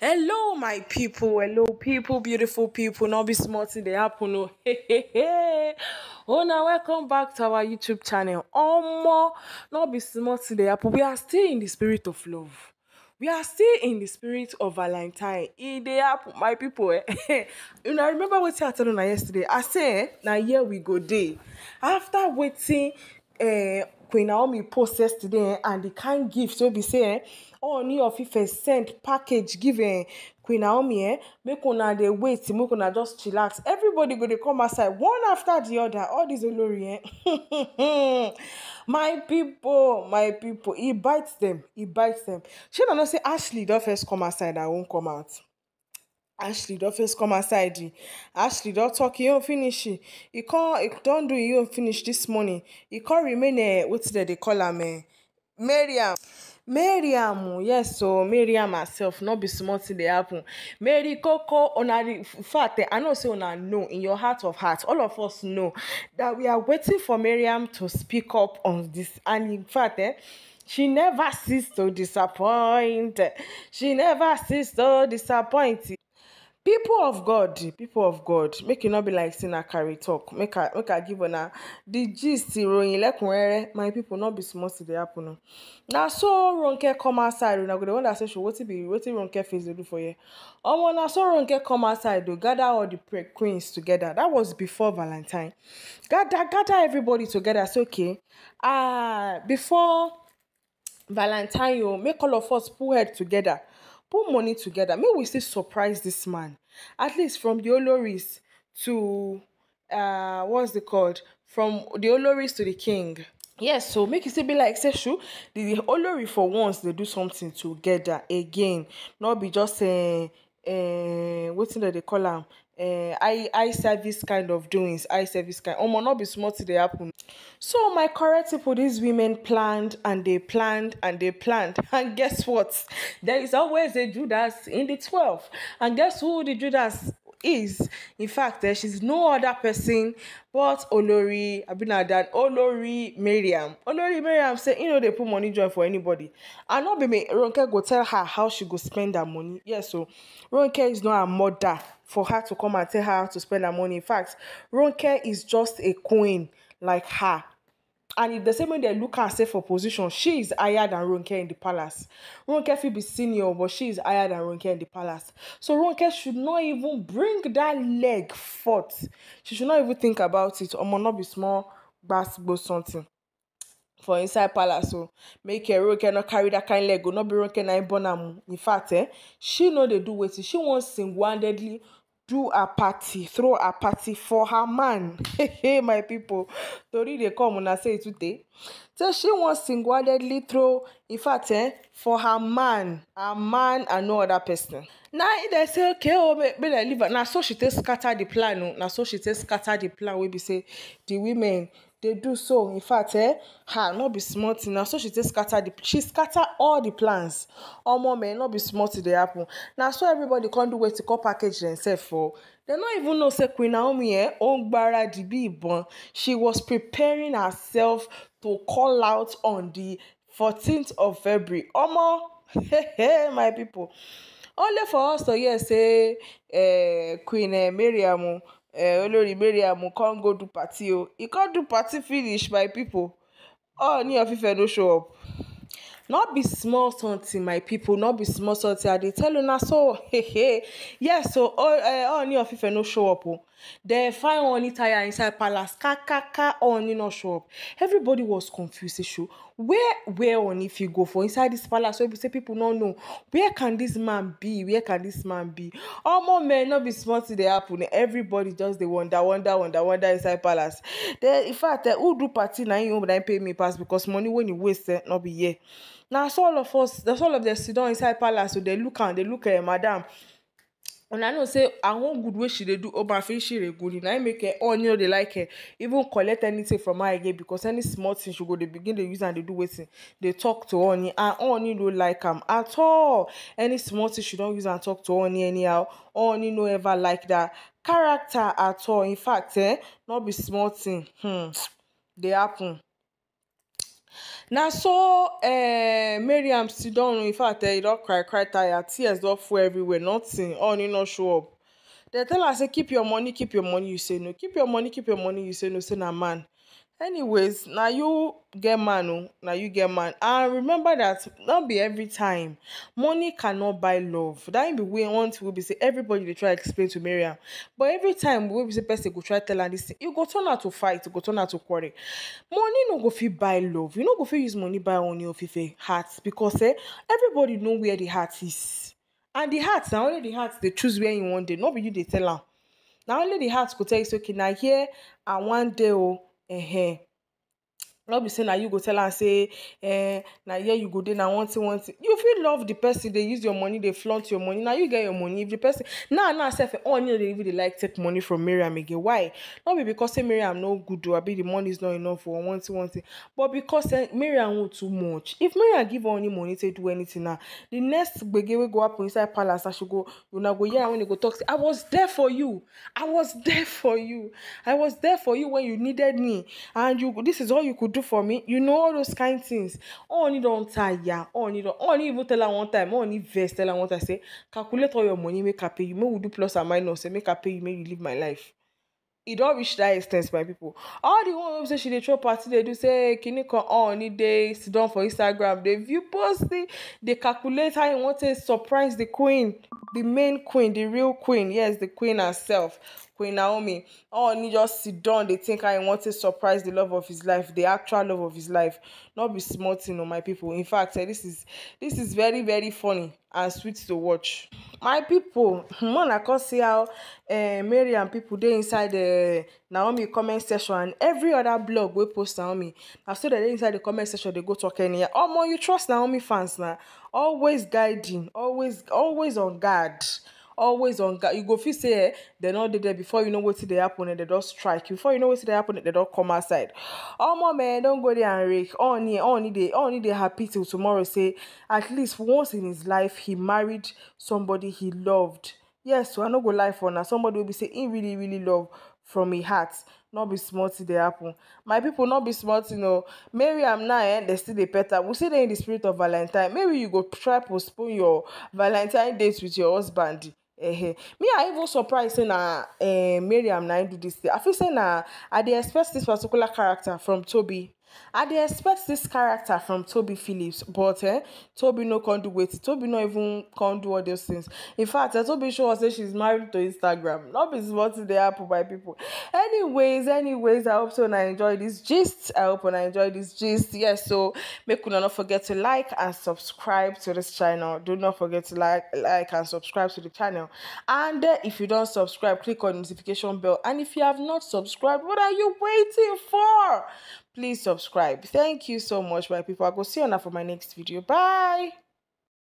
hello my people hello people beautiful people Not be small thing dey happen Oh, oh now welcome back to our youtube channel Oh, more not be small thing dey happen we are still in the spirit of love we are still in the spirit of valentine e dey happen my people eh una remember wetin i tell una yesterday i say eh, now here we go Day, after waiting, eh, queen naomi post yesterday eh, and the kind gifts wey be saying. Eh, honey of ife send package given. Eh, queen naomi eh, make una dey wait make una just chillax everybody go dey come outside one after the other all these olori eh? my people, my people. He bites them. He bites them. shey na know say ashley don first come outside i won't come out ashley don first come outside eh. ashley don talk e own finish eh. He e con e don do e own finish this morning He con remain Eh, wetin dem dey call am Eh, mariam maryam yes o maryam herself not be small thing they happen mary Coco, on a fact i know say on a no. in your heart of hearts, all of us know that we are waiting for maryam to speak up on this and in fact eh, she never ceases to disappoint she never ceases to disappoint people of god people of god make you no be like say na carry talk make i make i give una the gist ìròyìn lẹ́kùnrẹ́rẹ́ my people no be small to dey happen o na so ronke come outside una go dey wonder say so wetin be wetin ronke face dey do for here omo oh, na so ronke come outside o gather all the pre queens together that was before valentine gather gather everybody together say okay ah uh, before valentine o oh, make all of us pull head together put money together Maybe we still surprise this man at least from the oloris to uh, what's the called from the oloris to the king yes so make it still be like say shu the, the olori for once they do something together again Not be just uh, eh, uh, eh, wetin dem they call am uh, eh, I eye service kind of doings I service kind omo not be small thing dey happen So my correct people, these women planned and they planned and they planned. And guess what? There is always a Judas in the 12. And guess who the Judas is in fact eh, she's no other person but olori abinadan olori Miriam, olori mariam say you know they put money join for anybody and no be me ronke go tell her how she go spend her money yes so ronke is not a mother for her to come and tell her how to spend her money in fact ronke is just a queen like her and if the same way they look and say for position she is higher than ronke in the palace ronke fit be senior but she is higher than ronke in the palace so ronke should not even bring that leg forth she should not even think about it omo not be small basketball something for inside palace So oh, make her ronke no carry that kind leg o oh, not be ronke na im e born am oh. in fact eh she know they do wetin she wan single handedly do a party throw a party for her man Hey, my people, tori dey come una say e too tey So she won't single handedly throw, in fact, eh, for her man, her man, and no other person. Now they say, okay, oh, make me deliver. Now, so she takes scatter the plan. No? Oh. Now, so she takes scatter the plan. We be say, the women, they do so. In fact, eh, her not be smart. Now, so she takes scatter the She scatter all the plans. All men, not be smart. They apple. Now, so everybody can't do wait to call package themselves for. Oh. They no even know say Queen Naomi eh, ó ń gbáradì bí She was preparing herself to call out on the 14th of February. Omo, hey, hey, my people. Only for us to hear say eh, Queen eh, Mariam, eh, Olori Mariam come go to party Oh, He can't do party finish, my people. Ooni of Ife no show up not be small something my people not be small something i dey tell una so yes yeah, all Ooni of Ife no show up o oh. dem find Ooni tire inside palace kakaka Ooni no show up everybody was confused eh, so where where Ooni fit go for inside this palace wey be say people no know where can this man be where can this man be omo men no be small thing dey happen everybody just dey wonder wonder wonder wonder inside palace then in fact eh, who do party na him own na him pay me pass because money wey he waste eh, no be here na so all of us na so all of dem siddon inside palace So dey look am dey look um, madam una know say her own good wey she dey do obafishire guri na im e make her eh, all no dey like her eh, even collect anything from her again because any small thing she go dey begin dey use am dey do wetin dey talk to oni. and oni no like am at all any small thing she don use am talk to oni anyhow Oni no ever like that character at all in fact eh no be small thing hmm, dey happen na so uh, eh, maryam siddon in fact e eh, don cry cry tire tears don full everywhere nothing Oh, honey no show up dem tell her say keep your money keep your money you say no keep your money keep your money you say no say na man anyways na you get man o na you get man and remember that no be every time money cannot buy love that be way one thing wey be say everybody dey try explain to mariam but every time wey be say person go try tell her this thing e go turn her to fight e go turn her to quarrel money no go fit buy love you no go fit use money buy Ooni of Ife heart because eh everybody know where the heart is and the heart na only the heart dey choose where you wan dey no be you dey tell am na only the heart go tell you say okay na here i wan dey o. Oh 唉嘿。no be say na you go tell am say eh, na here you go dey na one thing one thing you fit love the person dey use your money dey flaunt your money na you get your money if the person now now sef oh, no dey even dey like take money from mariam again why no be because say mariam no good o abi the money is not enough or one thing one thing but because eh, mariam own too much if mariam give honey money take do anything now the next gbege wey go happen inside palace na she go una go hear am when e go talk say i was there for you i was there for you i was there for you when you needed me and you this is all you could do for me you know all those kind things honey don tire honey don honey even tell her one time honey vex tell her one time say calculate all your money make i pay you make we do plus and minus say make i pay you make you live my life e don reach that extent, my people all the one wey say she dey throw party dey do say kini kan honey dey sit down for instagram dey view post dey calculate how e wan take surprise the queen the main queen the real queen yes the queen herself queen naomi Oh, ooni just sit down They think I e to surprise the love of his life the actual love of his life Not be small on my people in fact eh, this is this is very very funny and sweet to watch. my people more I come see how uh, mary and people they inside the naomi comment section and every other blog wey post naomi na so dem they inside the comment section They go talk Oh, omo you trust naomi fans now. always guiding always always on guard. guard always on guard you go you say eh, they dem no there before you know wetin eh, they happen and don't strike before you know wetin eh, they happen they don't come outside Oh my man don't go there and rake Only, only dey only dey happy till tomorrow say at least once in his life he married somebody he loved yes so i know go lie for now. somebody will be saying he really really love from e heart not be small thing dey happen my people not be small you know. mary I'm now eh dey still dey pet we still dey in the spirit of valentine maybe you go try postpone your valentine date with your husband uh-huh. me i even surprised saying say eh. uh, I'm na do this thing i feel saying na i dey expect this particular character from toby I dey expect this character from Toby Phillips, but eh, Toby no can't do it. Toby no even can't do all those things. In fact, eh, Toby sure us say she's married to Instagram. Not be what they happen by people. Anyways, anyways, I hope so and I enjoy this gist. I hope and I enjoy this gist. Yes, yeah, so make sure not forget to like and subscribe to this channel. Do not forget to like, like and subscribe to the channel. And eh, if you don't subscribe, click on notification bell. And if you have not subscribed, what are you waiting for? please subscribe thank you so much my people i go see you now for my next video bye